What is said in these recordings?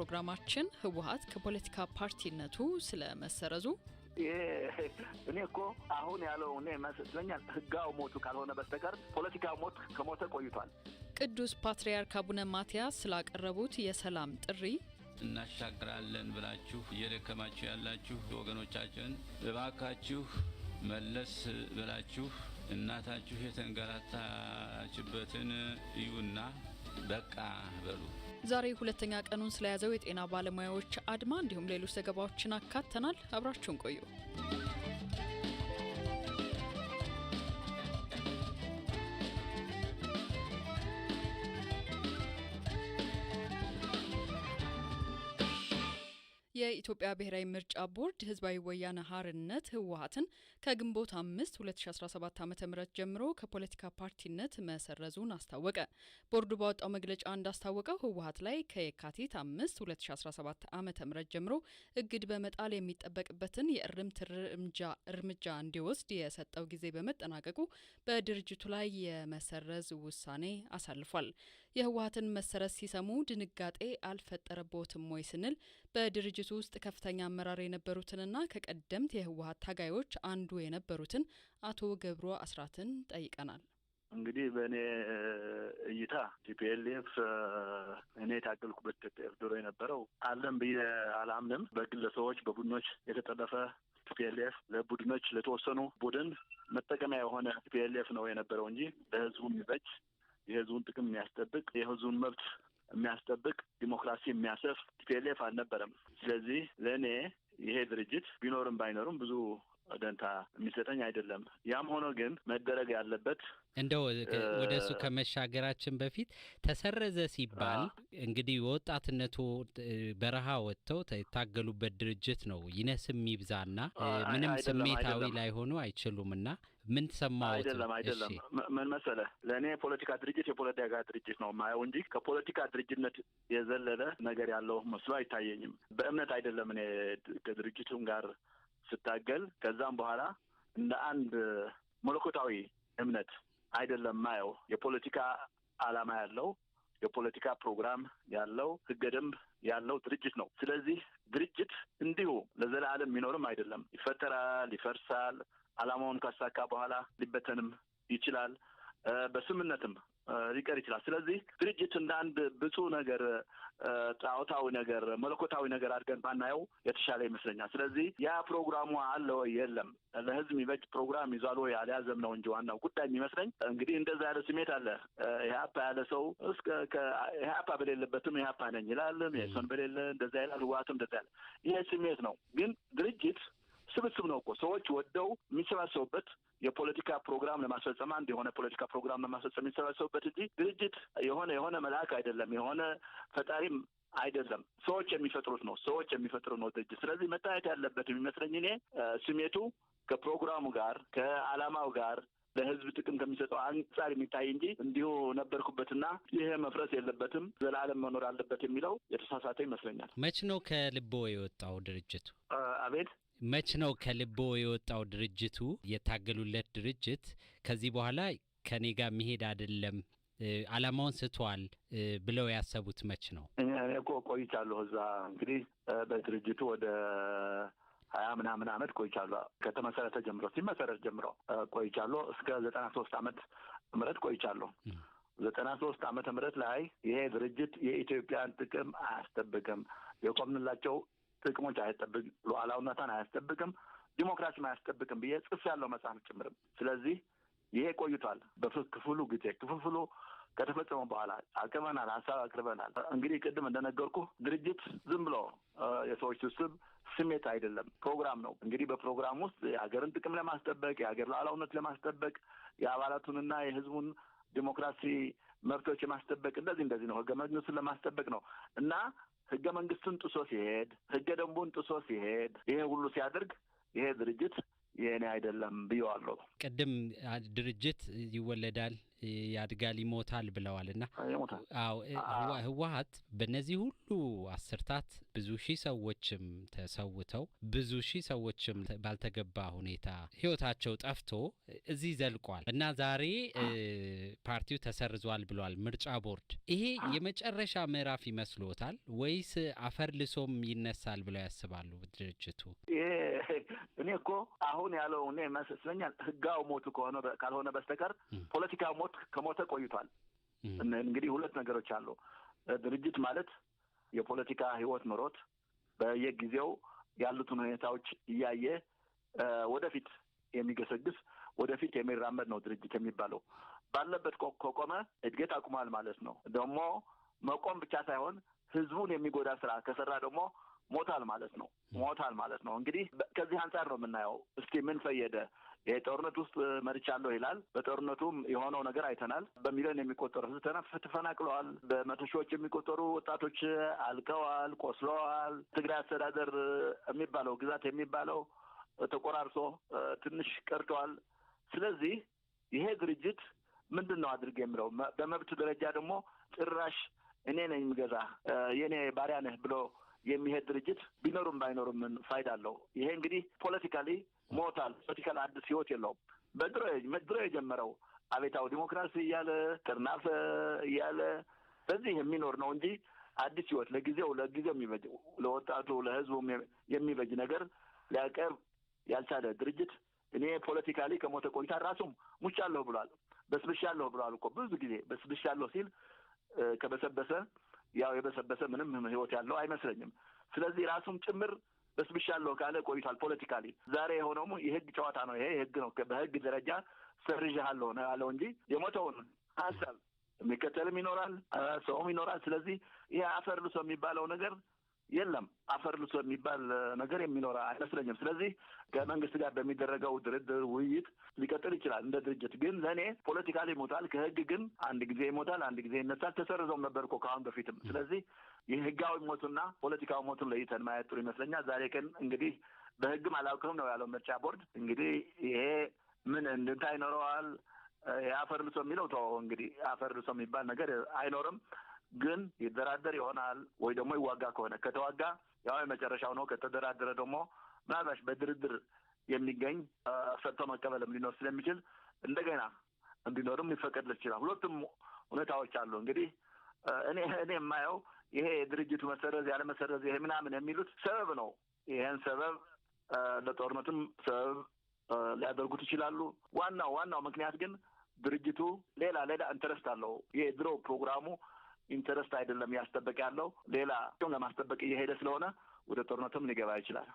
ፕሮግራማችን ህወሀት ከፖለቲካ ፓርቲነቱ ስለ መሰረዙ እኔ እኮ አሁን ያለው እኔ መስለኛል ህጋው ሞቱ ካልሆነ በስተቀር ፖለቲካው ሞት ከሞተ ቆይቷል። ቅዱስ ፓትርያርክ አቡነ ማትያስ ስላቀረቡት የሰላም ጥሪ እናሻግራለን ብላችሁ እየደከማችሁ ያላችሁ ወገኖቻችን እባካችሁ መለስ ብላችሁ እናታችሁ የተንገላታችበትን እዩና በቃ በሉ። ዛሬ ሁለተኛ ቀኑን ስለያዘው የጤና ባለሙያዎች አድማ እንዲሁም ሌሎች ዘገባዎችን አካተናል። አብራችሁን ቆዩ። የኢትዮጵያ ብሔራዊ ምርጫ ቦርድ ህዝባዊ ወያነ ሀርነት ህወሀትን ከግንቦት አምስት 2017 ዓ ም ጀምሮ ከፖለቲካ ፓርቲነት መሰረዙን አስታወቀ። ቦርዱ ባወጣው መግለጫ እንዳስታወቀው ህወሀት ላይ ከየካቲት አምስት 2017 ዓ ም ጀምሮ እግድ በመጣል የሚጠበቅበትን የእርምት እርምጃ እንዲወስድ የሰጠው ጊዜ በመጠናቀቁ በድርጅቱ ላይ የመሰረዝ ውሳኔ አሳልፏል። የህወሀትን መሰረዝ ሲሰሙ ድንጋጤ አልፈጠረቦትም ወይ ስንል በድርጅቱ ውስጥ ከፍተኛ አመራር የነበሩትንና ከቀደምት የህወሀት ታጋዮች አንዱ የነበሩትን አቶ ገብሩ አስራትን ጠይቀናል። እንግዲህ በእኔ እይታ ቲፒኤልኤፍ እኔ የታገልኩበት ቲፒኤልኤፍ ድሮ የነበረው አለም ብዬ አላምንም። በግለሰቦች በቡድኖች የተጠለፈ ቲፒኤልኤፍ ለቡድኖች ለተወሰኑ ቡድን መጠቀሚያ የሆነ ቲፒኤልኤፍ ነው የነበረው እንጂ ለህዝቡ የሚበጅ የህዝቡን ጥቅም የሚያስጠብቅ የህዝቡን መብት የሚያስጠብቅ ዲሞክራሲ የሚያሰፍ ቲፒኤልኤፍ አልነበረም። ስለዚህ ለእኔ ይሄ ድርጅት ቢኖርም ባይኖርም ብዙ ደንታ የሚሰጠኝ አይደለም። ያም ሆኖ ግን መደረግ ያለበት እንደው ወደ እሱ ከመሻገራችን በፊት ተሰረዘ ሲባል እንግዲህ ወጣትነቱ በረሃ ወጥተው የታገሉበት ድርጅት ነው። ይነስም ይብዛና ምንም ስሜታዊ ላይሆኑ አይችሉምና ምን ሰማሁት? አይደለም አይደለም። ምን መሰለ፣ ለእኔ የፖለቲካ ድርጅት የፖለቲካ ድርጅት ነው ማየው እንጂ ከፖለቲካ ድርጅትነት የዘለለ ነገር ያለው መስሎ አይታየኝም። በእምነት አይደለም እኔ ከድርጅቱም ጋር ስታገል ከዛም በኋላ እንደ አንድ መለኮታዊ እምነት አይደለም ማየው የፖለቲካ አላማ ያለው የፖለቲካ ፕሮግራም ያለው ህገ ደንብ ያለው ድርጅት ነው። ስለዚህ ድርጅት እንዲሁ ለዘላለም የሚኖርም አይደለም። ይፈጠራል፣ ይፈርሳል። አላማውን ካሳካ በኋላ ሊበተንም ይችላል። በስምነትም ሊቀር ይችላል። ስለዚህ ድርጅት እንደ አንድ ብፁ ነገር ጣዖታዊ ነገር መለኮታዊ ነገር አድርገን ባናየው የተሻለ ይመስለኛል። ስለዚህ ያ ፕሮግራሙ አለ ወይ የለም ለህዝብ የሚበጅ ፕሮግራም ይዟል ወይ አልያዘም ነው እንጂ ዋናው ጉዳይ የሚመስለኝ። እንግዲህ እንደዛ ያለ ስሜት አለ። ኢህአፓ ያለ ሰው እስከ ኢህአፓ በሌለበትም ኢህአፓ ነኝ ይላል፣ ሜሶን በሌለ እንደዛ ይላል፣ ህወሓትም እንደዛ ያለ ይሄ ስሜት ነው። ግን ድርጅት ስብስብ ነው እኮ ሰዎች ወደው የሚሰባሰቡበት የፖለቲካ ፕሮግራም ለማስፈጸም አንድ የሆነ ፖለቲካ ፕሮግራም ለማስፈጸም የሚሰባሰቡበት እንጂ ድርጅት የሆነ የሆነ መልአክ አይደለም፣ የሆነ ፈጣሪም አይደለም። ሰዎች የሚፈጥሩት ነው። ሰዎች የሚፈጥሩት ነው ድርጅት። ስለዚህ መታየት ያለበት የሚመስለኝ እኔ ስሜቱ ከፕሮግራሙ ጋር ከዓላማው ጋር ለህዝብ ጥቅም ከሚሰጠው አንጻር የሚታይ እንጂ እንዲሁ ነበርኩበትና ይህ መፍረስ የለበትም ዘላለም መኖር አለበት የሚለው የተሳሳተ ይመስለኛል። መች ነው ከልቦ የወጣው ድርጅቱ? አቤት መች ነው ከልቦ የወጣው ድርጅቱ የታገሉለት ድርጅት ከዚህ በኋላ ከኔ ጋር መሄድ አይደለም አላማውን ስቷል ብለው ያሰቡት መች ነው? እኔ እኮ ቆይቻለሁ እዛ እንግዲህ በድርጅቱ ወደ ሀያ ምናምን አመት ቆይቻለሁ። ከተመሰረተ ጀምሮ ሲመሰረት ጀምሮ ቆይቻለሁ። እስከ ዘጠና ሶስት አመት ምረት ቆይቻለሁ። ዘጠና ሶስት አመተ ምህረት ላይ ይሄ ድርጅት የኢትዮጵያን ጥቅም አያስጠብቅም የቆምንላቸው ጥቅሞች አያስጠብቅም፣ ሉዓላውነትን አያስጠብቅም፣ ዲሞክራሲም አያስጠብቅም ብዬ ጽፍ ያለው መጽሐፍ ጭምርም። ስለዚህ ይሄ ቆይቷል። በክፍሉ ጊዜ ክፍፍሉ ከተፈጸመ በኋላ አቅርበናል፣ ሀሳብ አቅርበናል። እንግዲህ ቅድም እንደነገርኩ ድርጅት ዝም ብሎ የሰዎች ስብስብ ስሜት አይደለም፣ ፕሮግራም ነው። እንግዲህ በፕሮግራም ውስጥ የሀገርን ጥቅም ለማስጠበቅ የሀገር ሉዓላዊነት ለማስጠበቅ የአባላቱንና የህዝቡን ዲሞክራሲ መብቶች የማስጠበቅ እንደዚህ እንደዚህ ነው፣ ህገ መንግስቱን ለማስጠበቅ ነው እና ህገ መንግስትን ጥሶ ሲሄድ፣ ህገ ደንቡን ጥሶ ሲሄድ፣ ይሄ ሁሉ ሲያደርግ ይሄ ድርጅት የእኔ አይደለም ብየዋለሁ። ቅድም ድርጅት ይወለዳል ያድጋል ይሞታል ብለዋል እና አዎ ህወሀት በእነዚህ ሁሉ አስርታት ብዙ ሺህ ሰዎችም ተሰውተው ብዙ ሺህ ሰዎችም ባልተገባ ሁኔታ ህይወታቸው ጠፍቶ እዚህ ዘልቋል እና ዛሬ ፓርቲው ተሰርዟል ብለዋል ምርጫ ቦርድ። ይሄ የመጨረሻ ምዕራፍ ይመስሎታል ወይስ አፈር ልሶም ይነሳል ብለው ያስባሉ ድርጅቱ? እኔ እኮ አሁን ያለው እኔ ህጋው ሞቱ ከሆነ ካልሆነ በስተቀር ፖለቲካው ሞት ሞት ከሞተ ቆይቷል። እንግዲህ ሁለት ነገሮች አሉ። ድርጅት ማለት የፖለቲካ ህይወት ኑሮት በየጊዜው ያሉትን ሁኔታዎች እያየ ወደፊት የሚገሰግስ ወደፊት የሚራመድ ነው ድርጅት የሚባለው። ባለበት ከቆመ እድገት አቁሟል ማለት ነው። ደግሞ መቆም ብቻ ሳይሆን ህዝቡን የሚጎዳ ስራ ከሰራ ደግሞ ሞታል ማለት ነው። ሞታል ማለት ነው። እንግዲህ ከዚህ አንጻር ነው የምናየው። እስኪ ምን ፈየደ ይሄ ጦርነት ውስጥ መርቻለሁ ይላል። በጦርነቱም የሆነው ነገር አይተናል። በሚሊዮን የሚቆጠሩ ህዝብ ተፈናቅለዋል። በመቶ ሺዎች የሚቆጠሩ ወጣቶች አልቀዋል፣ ቆስለዋል። ትግራይ አስተዳደር የሚባለው ግዛት የሚባለው ተቆራርሶ ትንሽ ቀርተዋል። ስለዚህ ይሄ ድርጅት ምንድን ነው አድርግ የሚለው በመብት ደረጃ ደግሞ ጭራሽ እኔ ነኝ የሚገዛ የእኔ ባሪያ ነህ ብሎ የሚሄድ ድርጅት ቢኖሩም ባይኖሩም ፋይዳ አለው። ይሄ እንግዲህ ፖለቲካሊ ሞታል። ፖለቲካል አዲስ ህይወት የለውም። በድሮ ድሮ የጀመረው አቤታዊ ዲሞክራሲ እያለ ትርናፈ እያለ በዚህ የሚኖር ነው እንጂ አዲስ ህይወት ለጊዜው ለጊዜው የሚበጅ ለወጣቱ ለህዝቡ የሚበጅ ነገር ሊያቀርብ ያልቻለ ድርጅት እኔ ፖለቲካሊ ከሞተ ቆይታ ራሱም ሙቻለሁ ብሏል። በስብሻለሁ ብሏል እኮ ብዙ ጊዜ በስብሻለሁ ሲል ከበሰበሰ ያው የበሰበሰ ምንም ህይወት ያለው አይመስለኝም። ስለዚህ ራሱም ጭምር በስብሻለሁ ካለ ቆይቷል። ፖለቲካሊ ዛሬ የሆነውም የህግ ጨዋታ ነው። ይሄ ህግ ነው። በህግ ደረጃ ሰርዣለሁ ነው ያለው እንጂ የሞተውን ሀሳብ የሚከተልም ይኖራል፣ ሰውም ይኖራል። ስለዚህ ይሄ አፈር ልሶ የሚባለው ነገር የለም። አፈር ልብሶ የሚባል ነገር የሚኖር አይመስለኝም። ስለዚህ ከመንግስት ጋር በሚደረገው ድርድር፣ ውይይት ሊቀጥል ይችላል። እንደ ድርጅት ግን ለእኔ ፖለቲካል ይሞታል፣ ከህግ ግን አንድ ጊዜ ይሞታል፣ አንድ ጊዜ ይነሳል። ተሰርዘውም ነበር እኮ ከአሁን በፊትም። ስለዚህ የህጋዊ ሞቱና ፖለቲካዊ ሞቱን ለይተን ማየት ጥሩ ይመስለኛል። ዛሬ ግን እንግዲህ በህግም አላውቅም ነው ያለው ምርጫ ቦርድ። እንግዲህ ይሄ ምን እንድንታ ይኖረዋል? የአፈር ልሶ የሚለው ተወው እንግዲህ አፈር ልሶ የሚባል ነገር አይኖርም። ግን ይደራደር ይሆናል ወይ ደግሞ ይዋጋ ከሆነ ከተዋጋ ያው የመጨረሻው ነው። ከተደራደረ ደግሞ ምናልባሽ በድርድር የሚገኝ ሰጥቶ መቀበልም ሊኖር ስለሚችል እንደገና እንዲኖርም ሊፈቀድለት ይችላል። ሁለቱም ሁኔታዎች አሉ። እንግዲህ እኔ እኔ የማየው ይሄ የድርጅቱ መሰረዝ ያለመሰረዝ ይሄ ምናምን የሚሉት ሰበብ ነው። ይሄን ሰበብ ለጦርነትም ሰበብ ሊያደርጉት ይችላሉ። ዋናው ዋናው ምክንያት ግን ድርጅቱ ሌላ ሌላ ኢንተረስት አለው። ይሄ ድሮ ፕሮግራሙ ኢንተረስት አይደለም ያስጠበቅ ያለው ሌላ ለማስጠበቅ እየሄደ ስለሆነ ወደ ጦርነትም ሊገባ ይችላል።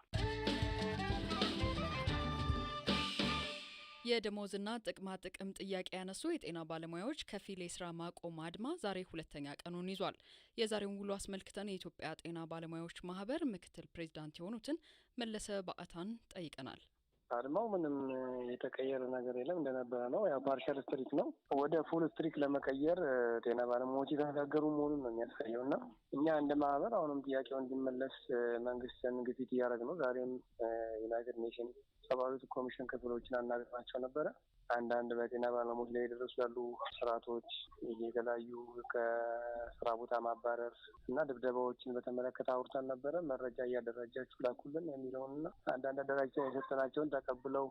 የደሞዝና ጥቅማ ጥቅም ጥያቄ ያነሱ የጤና ባለሙያዎች ከፊል የስራ ማቆም አድማ ዛሬ ሁለተኛ ቀኑን ይዟል። የዛሬውን ውሎ አስመልክተን የኢትዮጵያ ጤና ባለሙያዎች ማህበር ምክትል ፕሬዚዳንት የሆኑትን መለሰ በአታን ጠይቀናል። አድማው ምንም የተቀየረ ነገር የለም እንደነበረ ነው። ያው ፓርሻል ስትሪክ ነው። ወደ ፉል ስትሪክ ለመቀየር ጤና ባለሙያዎች የተነጋገሩ መሆኑን ነው የሚያሳየው እና እኛ እንደ ማህበር አሁንም ጥያቄው እንዲመለስ መንግስትን ግፊት እያደረግ ነው። ዛሬም ዩናይትድ ኔሽን ሰብአዊ ኮሚሽን ክፍሎችን አናገራቸው ነበረ። አንዳንድ በጤና ባለሙያዎች ላይ የደረሱ ያሉ ስርዓቶች የተለያዩ ከስራ ቦታ ማባረር እና ድብደባዎችን በተመለከተ አውርተን ነበረ። መረጃ እያደራጃችሁ ላኩልን የሚለውን እና አንዳንድ አደራጃ የሰጠናቸውን ተቀብለው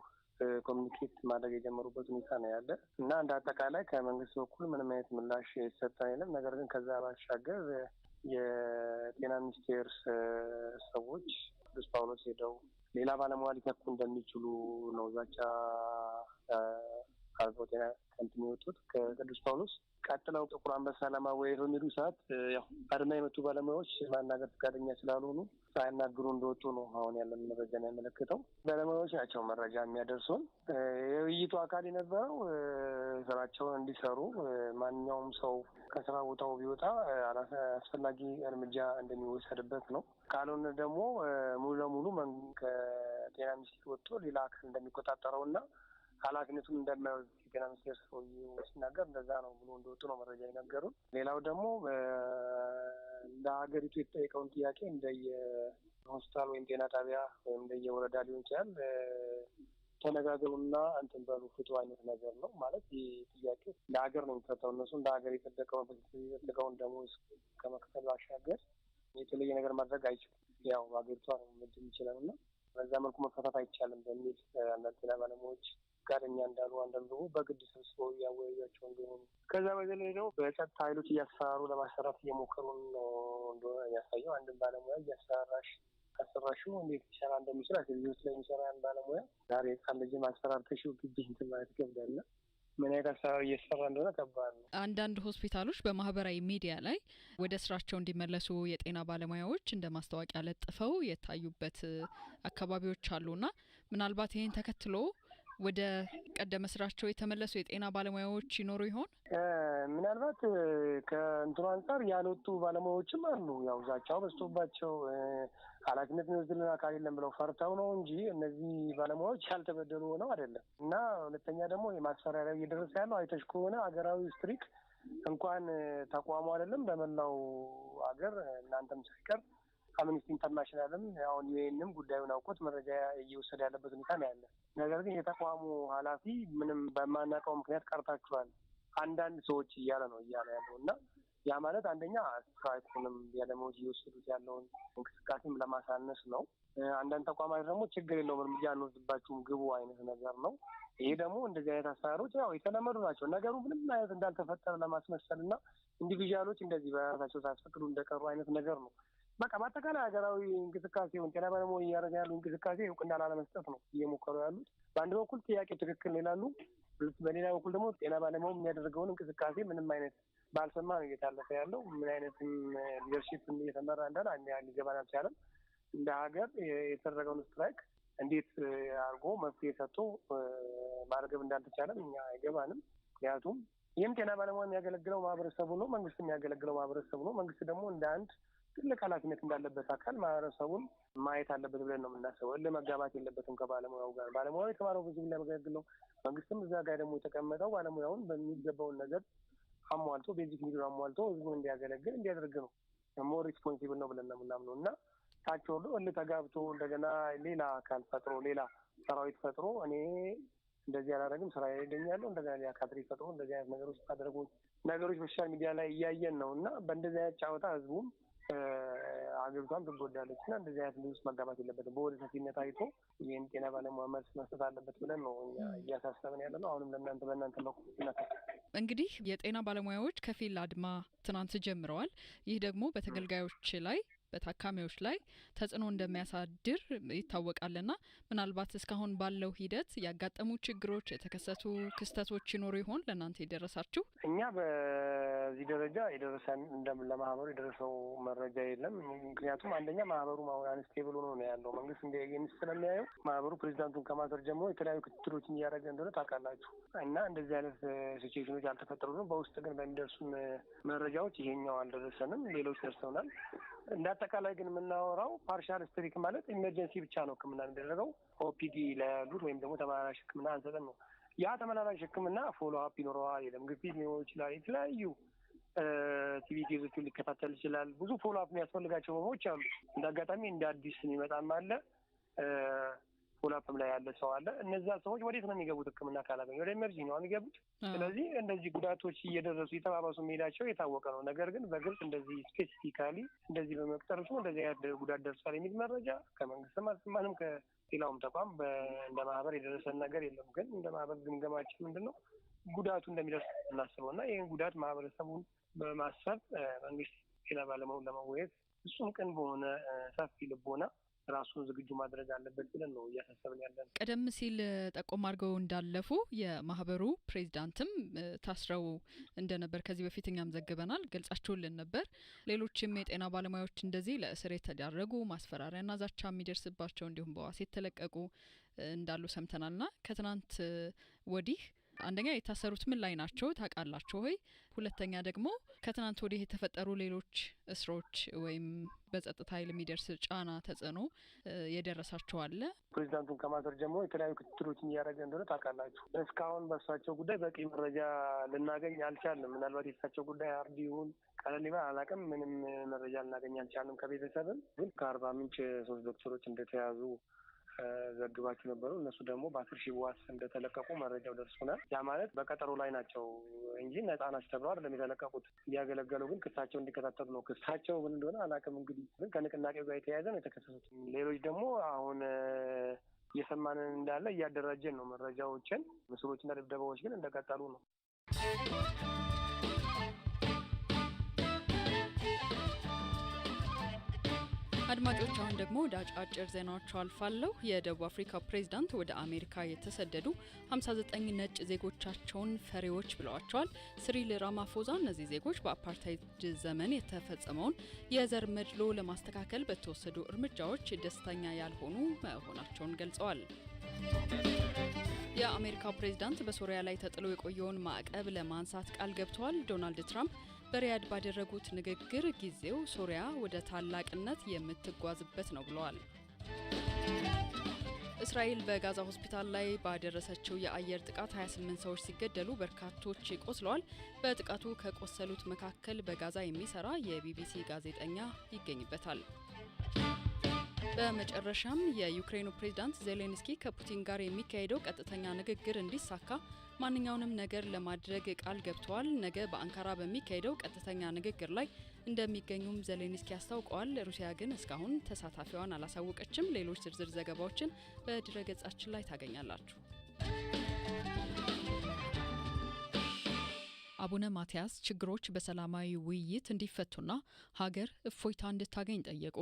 ኮሚኒኬት ማድረግ የጀመሩበት ሁኔታ ነው ያለ እና እንደ አጠቃላይ ከመንግስት በኩል ምንም አይነት ምላሽ የተሰጠን የለም። ነገር ግን ከዛ ባሻገር የጤና ሚኒስቴር ሰዎች ቅዱስ ጳውሎስ ሄደው ሌላ ባለሙያ ሊተኩ እንደሚችሉ ነው ዛቻ ካልቦቴና ከንት የሚወጡት ከቅዱስ ጳውሎስ ቀጥለው ጥቁር አንበሳ ለማወያየት በሚሉ ሰዓት አድማ የመቱ ባለሙያዎች ማናገር ፈቃደኛ ስላልሆኑ ሳያናግሩ እንደወጡ ነው አሁን ያለን መረጃ ነው ያመለክተው። ባለሙያዎች ናቸው መረጃ የሚያደርሱን። የውይይቱ አካል የነበረው ስራቸውን እንዲሰሩ ማንኛውም ሰው ከስራ ቦታው ቢወጣ አስፈላጊ እርምጃ እንደሚወሰድበት ነው። ካልሆነ ደግሞ ሙሉ ለሙሉ ከጤና ሚኒስቴር ወጥቶ ሌላ አካል እንደሚቆጣጠረው እና ኃላፊነቱን እንደማይወዝ የጤና ሚኒስቴር ሰውዬው ሲናገር እንደዛ ነው ብሎ እንደወጡ ነው መረጃ የነገሩን። ሌላው ደግሞ እንደ ሀገሪቱ የተጠየቀውን ጥያቄ እንደየ ሆስፒታል ወይም ጤና ጣቢያ ወይም እንደየ ወረዳ ሊሆን ይችላል ተነጋገሩና እንትን በሉ ፍቱ አይነት ነገር ነው ማለት። ይህ ጥያቄ ሀገር ነው የሚፈታው። እነሱ እንደ ሀገር የጸደቀውን የጸደቀውን ደግሞ ከመክፈል ባሻገር የተለየ ነገር ማድረግ አይችሉም። ያው ሀገሪቷ ነው ምድ ይችላል እና በዛ መልኩ መፈታት አይቻልም በሚል አንዳንድ ጤና ባለሙያዎች ፈቃደኛ እንዳልሆኑ፣ አንዳንዱ ደግሞ በግድ ሰብስበው እያወያያቸው እንደሆኑ ከዛ በተለይ ደግሞ በጸጥታ ኃይሎች እያሰራሩ ለማሰራት እየሞከሩ ነው እንደሆነ የሚያሳየው አንድን ባለሙያ እያሰራራሽ ከሰራሹ እንዴት ሊሰራ እንደሚችል አገልግሎት ላይ የሚሰራ ያን ባለሙያ ዛሬ ህጻን ልጅ ማስፈራር ተሽው ግብት ማለት ገብዳለ ምን አይነት አሰራር እየተሰራ እንደሆነ ከባድ ነው። አንዳንድ ሆስፒታሎች በማህበራዊ ሚዲያ ላይ ወደ ስራቸው እንዲመለሱ የጤና ባለሙያዎች እንደ ማስታወቂያ ለጥፈው የታዩበት አካባቢዎች አሉና ምናልባት ይህን ተከትሎ ወደ ቀደመ ስራቸው የተመለሱ የጤና ባለሙያዎች ይኖሩ ይሆን? ምናልባት ከእንትኑ አንጻር ያልወጡ ባለሙያዎችም አሉ። ያው ዛቻው በዝቶባቸው ኃላፊነት የሚወስድልን አካል የለም ብለው ፈርተው ነው እንጂ እነዚህ ባለሙያዎች ያልተበደሉ ሆነው አይደለም። እና ሁለተኛ ደግሞ የማስፈራሪያ እየደረሰ ያለው አይተሽ ከሆነ ሀገራዊ ስትሪክ እንኳን ተቋሙ አይደለም በመላው ሀገር እናንተም ሳይቀር አምነስቲ ኢንተርናሽናልም አሁን ዩኤንም ጉዳዩን አውቆት መረጃ እየወሰደ ያለበት ሁኔታ ነው ያለ። ነገር ግን የተቋሙ ኃላፊ ምንም በማናውቀው ምክንያት ቀርታችኋል አንዳንድ ሰዎች እያለ ነው እያለ ያለው እና ያ ማለት አንደኛ ስትራይኩንም ያለመዎች እየወሰዱት ያለውን እንቅስቃሴም ለማሳነስ ነው። አንዳንድ ተቋማት ደግሞ ችግር የለውም እርምጃ አንወስድባችሁም ግቡ አይነት ነገር ነው። ይሄ ደግሞ እንደዚህ አይነት አሰራሮች ያው የተለመዱ ናቸው። ነገሩ ምንም አይነት እንዳልተፈጠረ ለማስመሰል እና ኢንዲቪዥዋሎች እንደዚህ በራሳቸው ሳያስፈቅዱ እንደቀሩ አይነት ነገር ነው በቃ በአጠቃላይ ሀገራዊ እንቅስቃሴውን ጤና ባለሙ እያደረገ ያሉ እንቅስቃሴ እውቅና ላለመስጠት ነው እየሞከሩ ያሉት። በአንድ በኩል ጥያቄ ትክክል ይላሉ፣ በሌላ በኩል ደግሞ ጤና ባለሙ የሚያደርገውን እንቅስቃሴ ምንም አይነት ባልሰማ ነው እየታለፈ ያለው። ምን አይነትም ሊደርሺፕ እየተመራ እንዳለ ሊገባን አልቻለም። እንደ ሀገር የተደረገውን ስትራይክ እንዴት አድርጎ መፍትሄ ሰጥቶ ማርገብ እንዳልተቻለም እኛ አይገባንም። ምክንያቱም ይህም ጤና ባለሙያ የሚያገለግለው ማህበረሰቡ ነው፣ መንግስት የሚያገለግለው ማህበረሰቡ ነው። መንግስት ደግሞ እንደ አንድ ትልቅ ኃላፊነት እንዳለበት አካል ማህበረሰቡን ማየት አለበት ብለን ነው የምናስበው። እልህ መጋባት የለበትም ከባለሙያው ጋር። ባለሙያው የተማረው ብዙ ለመገግል ነው። መንግስትም እዛ ጋር ደግሞ የተቀመጠው ባለሙያውን በሚገባውን ነገር አሟልቶ ቤዚክ ኒዱን አሟልቶ ህዝቡን እንዲያገለግል እንዲያደርግ ነው። ሞር ሪስፖንሲብል ነው ብለን ነው የምናምነው እና ታች ወርዶ እልህ ተጋብቶ እንደገና ሌላ አካል ፈጥሮ ሌላ ሰራዊት ፈጥሮ እኔ እንደዚህ አላደረግም ስራ ይገኛለሁ እንደገና ሌላ ካድሬ ፈጥሮ እንደዚህ አይነት ነገሮች ታደረጉ ነገሮች በሶሻል ሚዲያ ላይ እያየን ነው እና በእንደዚህ አይነት ጫወታ ህዝቡም አገሪቷም ትጎዳለች እና እንደዚህ አይነት ልጅ መጋባት የለበትም። በወደ ሰፊነት አይቶ ይህን ጤና ባለሙያ መልስ መስጠት አለበት ብለን ነው እያሳሰብን ያለ ነው። አሁንም ለእናንተ በእናንተ በኩል እንግዲህ የጤና ባለሙያዎች ከፊል አድማ ትናንት ጀምረዋል። ይህ ደግሞ በተገልጋዮች ላይ በታካሚዎች ላይ ተጽዕኖ እንደሚያሳድር ይታወቃልና ምናልባት እስካሁን ባለው ሂደት ያጋጠሙ ችግሮች፣ የተከሰቱ ክስተቶች ይኖሩ ይሆን? ለእናንተ የደረሳችሁ? እኛ በዚህ ደረጃ የደረሰን ለማህበሩ የደረሰው መረጃ የለም። ምክንያቱም አንደኛ ማህበሩ አንስቴብል ሆኖ ነው ያለው። መንግስት እንደ ስለሚያየው ማህበሩ ፕሬዚዳንቱን ከማሰር ጀምሮ የተለያዩ ክትትሎችን እያደረገ እንደሆነ ታውቃላችሁ። እና እንደዚህ አይነት ሲቹዌሽኖች አልተፈጠሩም። በውስጥ ግን በሚደርሱን መረጃዎች ይሄኛው አልደረሰንም። ሌሎች ደርሰውናል። አጠቃላይ ግን የምናወራው ፓርሻል ስትሪክ ማለት ኢመርጀንሲ ብቻ ነው ህክምና የሚደረገው ኦፒዲ ላያሉት ወይም ደግሞ ተመላላሽ ህክምና አንሰጠን ነው። ያ ተመላላሽ ህክምና ፎሎ አፕ ይኖረዋል። የደም ግፊት ሊኖር ይችላል። የተለያዩ ቲቪ ኬዞቹን ሊከታተል ይችላል። ብዙ ፎሎ አፕ የሚያስፈልጋቸው ቦታዎች አሉ። እንደ አጋጣሚ እንደ አዲስ የሚመጣም አለ ሁላትም ላይ ያለ ሰው አለ። እነዛ ሰዎች ወዴት ነው የሚገቡት? ህክምና ካላገኙ ወደ ኤመርጂ ነው የሚገቡት። ስለዚህ እንደዚህ ጉዳቶች እየደረሱ እየተባባሱ መሄዳቸው የታወቀ ነው። ነገር ግን በግልጽ እንደዚህ ስፔሲፊካሊ እንደዚህ በመቅጠርሱ እንደዚህ አይነት ጉዳት ደርሷል የሚል መረጃ ከመንግስትም ማንም ከሌላውም ተቋም እንደ ማህበር የደረሰን ነገር የለም። ግን እንደ ማህበር ግምገማችን ምንድን ነው ጉዳቱ እንደሚደርስ እናስበው እና ይህን ጉዳት ማህበረሰቡን በማሰብ መንግስት ሌላ ባለሙያውን ለመወየት እሱም ቅን በሆነ ሰፊ ልቦና ራሱን ዝግጁ ማድረግ አለበት ብለን ነው እያሳሰብን ያለን። ቀደም ሲል ጠቆም አድርገው እንዳለፉ የማህበሩ ፕሬዚዳንትም ታስረው እንደነበር ከዚህ በፊት እኛም ዘግበናል፣ ገልጻችሁልን ነበር። ሌሎችም የጤና ባለሙያዎች እንደዚህ ለእስር የተዳረጉ ማስፈራሪያና ዛቻ የሚደርስባቸው እንዲሁም በዋስ የተለቀቁ እንዳሉ ሰምተናልና ከትናንት ወዲህ አንደኛ የታሰሩት ምን ላይ ናቸው ታውቃላችሁ ሆይ? ሁለተኛ ደግሞ ከትናንት ወዲህ የተፈጠሩ ሌሎች እስሮች ወይም በጸጥታ ኃይል የሚደርስ ጫና ተጽዕኖ የደረሳቸው አለ? ፕሬዚዳንቱን ከማሰር ጀምሮ የተለያዩ ክትትሎችን እያደረገ እንደሆነ ታውቃላችሁ። እስካሁን በእሳቸው ጉዳይ በቂ መረጃ ልናገኝ አልቻልም። ምናልባት የእሳቸው ጉዳይ አርዲ ይሁን ቀለል ይባል አላውቅም። ምንም መረጃ ልናገኝ አልቻልም። ከቤተሰብም ግን ከአርባ ምንጭ ሶስት ዶክተሮች እንደተያዙ ዘግባችሁ ነበሩ። እነሱ ደግሞ በአስር ሺህ በዋስ እንደተለቀቁ መረጃው ደርሶናል። ያ ማለት በቀጠሮ ላይ ናቸው እንጂ ነጻ ናቸው ተብለው አይደለም የተለቀቁት። እያገለገሉ ግን ክሳቸው እንዲከታተሉ ነው። ክሳቸው ምን እንደሆነ አላውቅም። እንግዲህ ግን ከንቅናቄው ጋር የተያያዘ ነው የተከሰሱት። ሌሎች ደግሞ አሁን እየሰማንን እንዳለ እያደራጀን ነው መረጃዎችን፣ ምስሎችና ድብደባዎች ግን እንደቀጠሉ ነው። አድማጮች አሁን ደግሞ ወደ አጫጭር ዜናዎቹ አልፋለሁ። የደቡብ አፍሪካ ፕሬዝዳንት ወደ አሜሪካ የተሰደዱ 59 ነጭ ዜጎቻቸውን ፈሪዎች ብለዋቸዋል። ሲሪል ራማፎዛ እነዚህ ዜጎች በአፓርታይድ ዘመን የተፈጸመውን የዘር መድሎ ለማስተካከል በተወሰዱ እርምጃዎች ደስተኛ ያልሆኑ መሆናቸውን ገልጸዋል። የአሜሪካው ፕሬዝዳንት በሶሪያ ላይ ተጥሎ የቆየውን ማዕቀብ ለማንሳት ቃል ገብተዋል። ዶናልድ ትራምፕ በሪያድ ባደረጉት ንግግር ጊዜው ሶሪያ ወደ ታላቅነት የምትጓዝበት ነው ብለዋል። እስራኤል በጋዛ ሆስፒታል ላይ ባደረሰችው የአየር ጥቃት 28 ሰዎች ሲገደሉ በርካቶች ቆስለዋል። በጥቃቱ ከቆሰሉት መካከል በጋዛ የሚሰራ የቢቢሲ ጋዜጠኛ ይገኝበታል። በመጨረሻም የዩክሬኑ ፕሬዝዳንት ዜሌንስኪ ከፑቲን ጋር የሚካሄደው ቀጥተኛ ንግግር እንዲሳካ ማንኛውንም ነገር ለማድረግ ቃል ገብተዋል። ነገ በአንካራ በሚካሄደው ቀጥተኛ ንግግር ላይ እንደሚገኙም ዜሌንስኪ አስታውቀዋል። ሩሲያ ግን እስካሁን ተሳታፊዋን አላሳወቀችም። ሌሎች ዝርዝር ዘገባዎችን በድረገጻችን ላይ ታገኛላችሁ። አቡነ ማትያስ ችግሮች በሰላማዊ ውይይት እንዲፈቱና ሀገር እፎይታ እንድታገኝ ጠየቁ።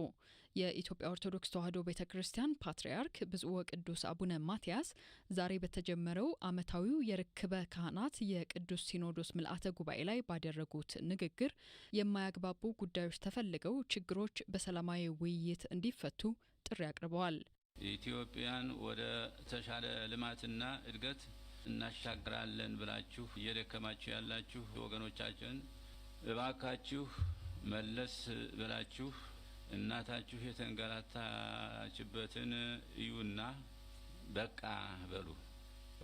የኢትዮጵያ ኦርቶዶክስ ተዋሕዶ ቤተ ክርስቲያን ፓትርያርክ ብፁዕ ወቅዱስ አቡነ ማትያስ ዛሬ በተጀመረው ዓመታዊው የርክበ ካህናት የቅዱስ ሲኖዶስ ምልአተ ጉባኤ ላይ ባደረጉት ንግግር የማያግባቡ ጉዳዮች ተፈልገው ችግሮች በሰላማዊ ውይይት እንዲፈቱ ጥሪ አቅርበዋል። ኢትዮጵያን ወደ ተሻለ ልማትና እድገት እናሻግራለን ብላችሁ እየደከማችሁ ያላችሁ ወገኖቻችን እባካችሁ መለስ ብላችሁ እናታችሁ የተንገላታችበትን እዩና በቃ በሉ።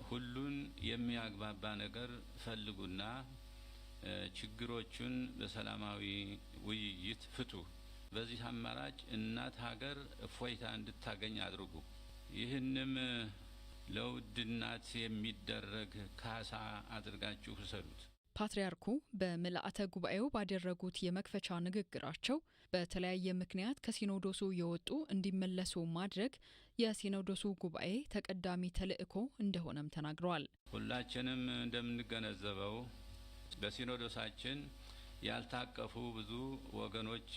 ሁሉን የሚያግባባ ነገር ፈልጉና ችግሮቹን በሰላማዊ ውይይት ፍቱ። በዚህ አማራጭ እናት ሀገር እፎይታ እንድታገኝ አድርጉ። ይህንም ለውድ እናት የሚደረግ ካሳ አድርጋችሁ ውሰዱት። ፓትርያርኩ በምልአተ ጉባኤው ባደረጉት የመክፈቻ ንግግራቸው በተለያየ ምክንያት ከሲኖዶሱ የወጡ እንዲመለሱ ማድረግ የሲኖዶሱ ጉባኤ ተቀዳሚ ተልዕኮ እንደሆነም ተናግረዋል። ሁላችንም እንደምንገነዘበው በሲኖዶሳችን ያልታቀፉ ብዙ ወገኖች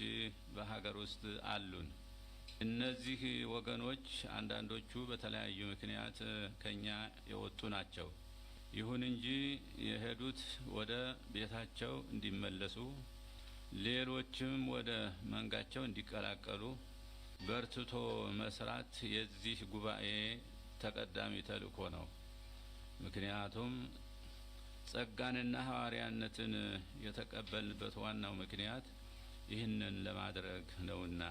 በሀገር ውስጥ አሉን። እነዚህ ወገኖች አንዳንዶቹ በተለያዩ ምክንያት ከኛ የወጡ ናቸው። ይሁን እንጂ የሄዱት ወደ ቤታቸው እንዲመለሱ፣ ሌሎችም ወደ መንጋቸው እንዲቀላቀሉ በርትቶ መስራት የዚህ ጉባኤ ተቀዳሚ ተልእኮ ነው። ምክንያቱም ጸጋንና ሐዋርያነትን የተቀበልንበት ዋናው ምክንያት ይህንን ለማድረግ ነውና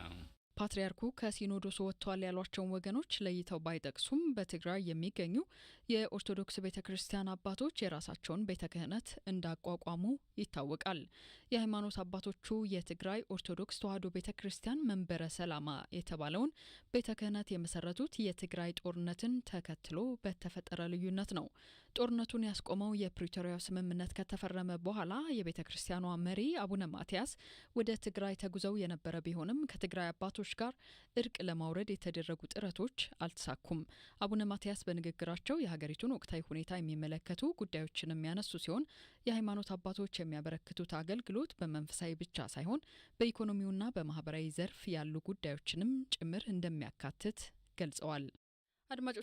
ፓትርያርኩ ከሲኖዶሱ ወጥቷል ያሏቸውን ወገኖች ለይተው ባይጠቅሱም በትግራይ የሚገኙ የኦርቶዶክስ ቤተ ክርስቲያን አባቶች የራሳቸውን ቤተ ክህነት እንዳቋቋሙ ይታወቃል። የሃይማኖት አባቶቹ የትግራይ ኦርቶዶክስ ተዋሕዶ ቤተ ክርስቲያን መንበረ ሰላማ የተባለውን ቤተ ክህነት የመሰረቱት የትግራይ ጦርነትን ተከትሎ በተፈጠረ ልዩነት ነው። ጦርነቱን ያስቆመው የፕሪቶሪያው ስምምነት ከተፈረመ በኋላ የቤተ ክርስቲያኗ መሪ አቡነ ማትያስ ወደ ትግራይ ተጉዘው የነበረ ቢሆንም ከትግራይ አባቶች ጋር እርቅ ለማውረድ የተደረጉ ጥረቶች አልተሳኩም። አቡነ ማትያስ በንግግራቸው የሀገሪቱን ወቅታዊ ሁኔታ የሚመለከቱ ጉዳዮችን የሚያነሱ ሲሆን የሃይማኖት አባቶች የሚያበረክቱት አገልግሎት በመንፈሳዊ ብቻ ሳይሆን በኢኮኖሚውና በማህበራዊ ዘርፍ ያሉ ጉዳዮችንም ጭምር እንደሚያካትት ገልጸዋል። አድማጮች